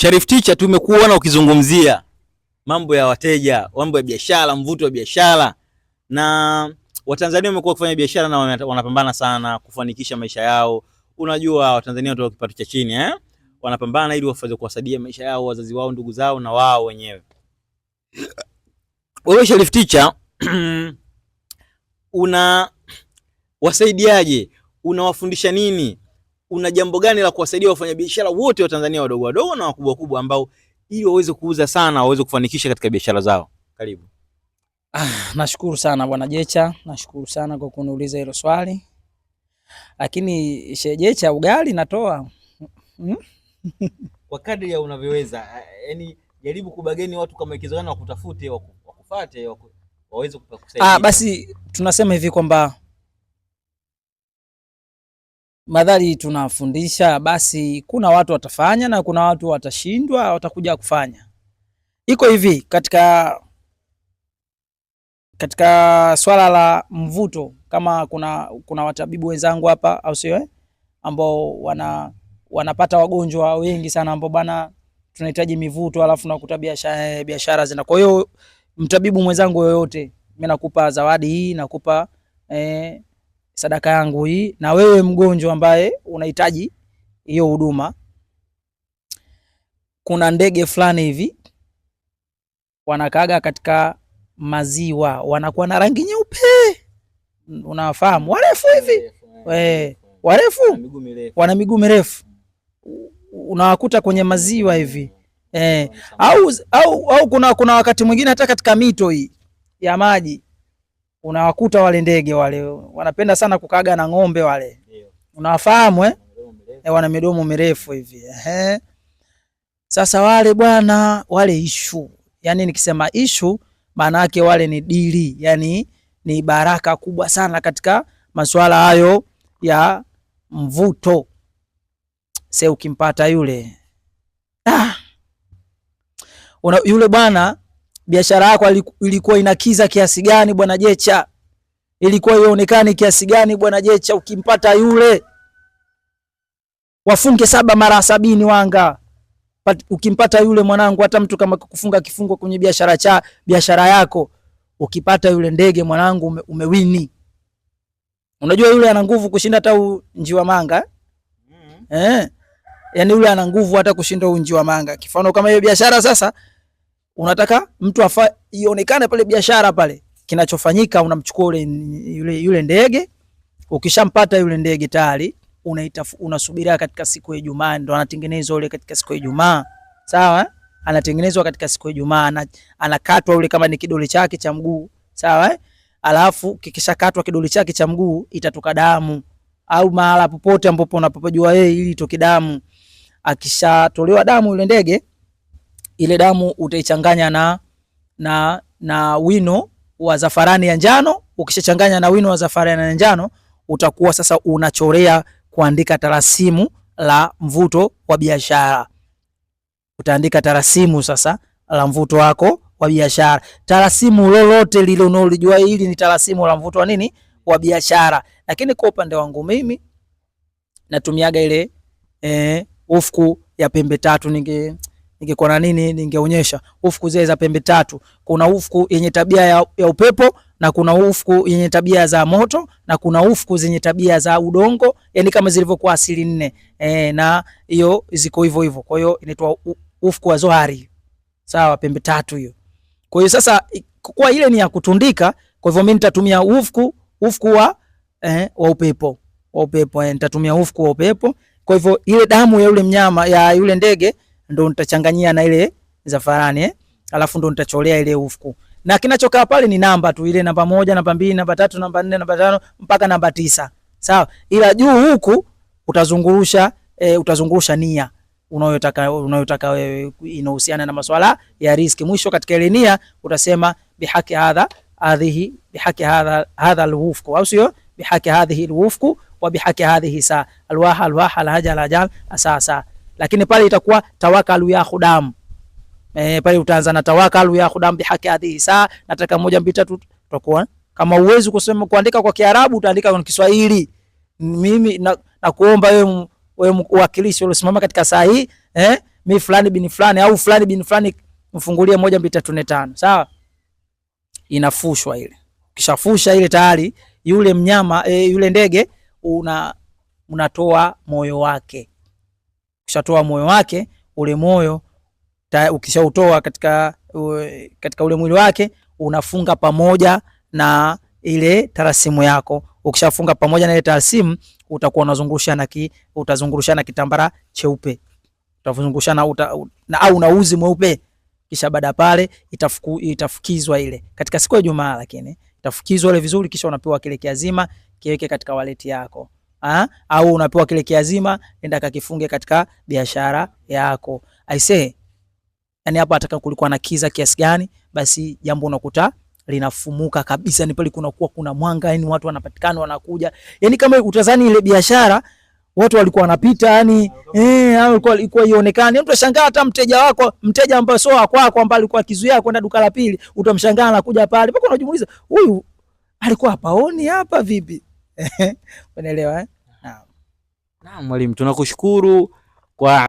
Sharif Ticha, tumekuona ukizungumzia mambo ya wateja, mambo ya biashara, mvuto wa biashara, na Watanzania wamekuwa wakifanya biashara na wanapambana sana kufanikisha maisha yao. Unajua Watanzania watu kipato cha chini eh? wanapambana ili wafaze kuwasaidia maisha yao, wazazi wao, ndugu zao na wao wenyewe. Wewe Sharif Ticha una wasaidiaje? Unawafundisha nini una jambo gani la kuwasaidia wafanyabiashara wote wa Tanzania wadogo wadogo na wakubwa wakubwa ambao ili waweze kuuza sana waweze kufanikisha katika biashara zao? Karibu. Ah, nashukuru sana Bwana Jecha, nashukuru sana kwa kuniuliza hilo swali. Lakini Shejecha, ugali natoa hmm? Kwa kadri ya unavyoweza, yani jaribu kubageni watu kama ikiwezekana, wakutafute, wakufate, wakufate, wakufate. Ah, basi tunasema hivi kwamba madhari tunafundisha, basi kuna watu watafanya na kuna watu watashindwa, watakuja kufanya. Iko hivi katika katika swala la mvuto, kama kuna kuna watabibu wenzangu hapa, au sio eh? ambao wana wanapata wagonjwa wengi sana ambao bana, tunahitaji mivuto, alafu nakuta biashara eh, biashara zina. Kwa hiyo mtabibu mwenzangu yoyote, mimi nakupa zawadi hii, nakupa eh, sadaka yangu hii, na wewe mgonjwa ambaye unahitaji hiyo huduma. Kuna ndege fulani hivi wanakaaga katika maziwa, wanakuwa na rangi nyeupe, unafahamu warefu hivi eh, warefu, wana miguu mirefu, unawakuta kwenye maziwa hivi eh, au, au, au kuna, kuna wakati mwingine hata katika mito hii ya maji unawakuta wale ndege wale wanapenda sana kukaga na ng'ombe wale, unawafahamu eh? eh? wana midomo mirefu hivi eh. Sasa wale bwana wale ishu, yani nikisema ishu maana yake wale ni dili, yani ni baraka kubwa sana katika masuala hayo ya mvuto. Se ukimpata yule ah, una, yule bwana biashara yako ilikuwa inakiza kiasi gani bwana Jecha, ilikuwa ionekani kiasi gani bwana Jecha. Ukimpata yule wafunge saba mara sabini wanga Pat, ukimpata yule mwanangu, hata mtu kama kufunga kifungo kwenye biashara cha biashara yako, ukipata yule ndege mwanangu, ume, umewini. Unajua yule ana nguvu kushinda hata njiwa manga mm -hmm. eh, mm-hmm. eh? yani yule ana nguvu hata kushinda njiwa manga. Kifano kama hiyo biashara sasa unataka mtu afa ionekane pale biashara pale. Kinachofanyika unamchukua ule yule, yule ndege. Ukishampata yule ndege tayari unasubiria katika siku ya Ijumaa, ndo anatengenezwa ule katika siku ya Ijumaa, sawa eh? Anatengenezwa katika siku ya Ijumaa, anakatwa ule kama ni kidole chake cha mguu, sawa eh? Alafu kikishakatwa kidole chake cha mguu itatoka damu au mahala popote ambapo unapojua yeye, ili itoke damu. Akishatolewa damu yule ndege ile damu utaichanganya na, na, na wino wa zafarani ya njano. Ukishachanganya na wino wa zafarani ya njano utakuwa sasa unachorea kuandika tarasimu la mvuto wa biashara. Utaandika tarasimu sasa la mvuto wako wa biashara. Tarasimu lolote lile unalojua, hili ni tarasimu la mvuto wa nini? Wa biashara. Lakini kwa upande wangu mimi natumiaga ile eh, ufuku ya pembe tatu ninge ningekuwa na nini ningeonyesha ufuku zile za pembe tatu. Kuna ufuku yenye tabia ya, ya upepo na kuna ufuku yenye tabia za moto na kuna ufuku zenye tabia za udongo, yani kama zilivyokuwa asili nne e, na hiyo ziko hivyo hivyo. Kwa hiyo inaitwa ufuku wa zohari, sawa, pembe tatu hiyo. Kwa hiyo sasa, kwa ile ni ya kutundika, kwa hivyo mimi nitatumia ufuku ufuku wa eh, wa upepo wa upepo eh, nitatumia ufuku wa upepo. Kwa hivyo ile damu ya yule mnyama ya yule ndege ndo nitachanganyia na ile zafarani eh, alafu ndo nitacholea ile ufuku, na kinachokaa pale ni namba tu, ile namba moja, namba mbili, namba tatu, namba nne, namba tano mpaka namba tisa, sawa. Ila juu huku utazungurusha e, utazungurusha nia unayotaka unayotaka wewe inahusiana na masuala ya riski. Mwisho katika ile nia utasema bihaki hadha hadhihi bihaki hadha hadha alwufku, au sio? Bihaki hadhihi alwufku wa bihaki hadhihi saa alwaha alwaha alhaja alhajal asaa saa lakini pale itakuwa tawakalu ya khudam eh, pale utaanza na tawakalu ya khudam bi haki hadhihi saa, nataka moja mbili tatu, tutakuwa eh? kama uwezi kusema kuandika kwa Kiarabu utaandika kwa Kiswahili. Mimi na, na kuomba wewe wewe uwakilishi uliosimama katika saa hii eh, mi fulani bin fulani au fulani bin fulani mfungulie moja mbili tatu nne tano, sawa. Inafushwa ile, kishafusha ile tayari yule mnyama e, yule ndege una unatoa moyo wake ukishatoa moyo wake, ule moyo ukishautoa katika, uh, katika ule mwili wake unafunga pamoja na ile tarasimu yako. Ukishafunga pamoja na ile tarasimu utakuwa unazungushana ki, na kitambara cheupe utazungurushana uta, na, au na uzi mweupe, kisha baada pale itafuku, itafukizwa ile katika siku ya Ijumaa, lakini itafukizwa ile vizuri, kisha unapewa kile kiazima kiweke katika waleti yako ha? Ah, au unapewa kile kiazima, enda kakifunge katika biashara yako. I say yani hapa ataka kulikuwa na kiza kiasi gani, basi jambo unakuta linafumuka kabisa, ni pale kunakuwa kuna mwanga, yani watu wanapatikana, wanakuja, yani kama utazani ile biashara watu walikuwa wanapita yani, eh, alikuwa ilikuwa ionekane. Mtu ashangaa hata mteja wako, mteja ambaye sio wako wako, ambaye alikuwa akizuia kwenda duka la pili, utamshangaa anakuja pale, mpaka unajimuuliza huyu alikuwa hapaoni hapa vipi? unaelewa eh? Naam, naam mwalimu, tunakushukuru kwa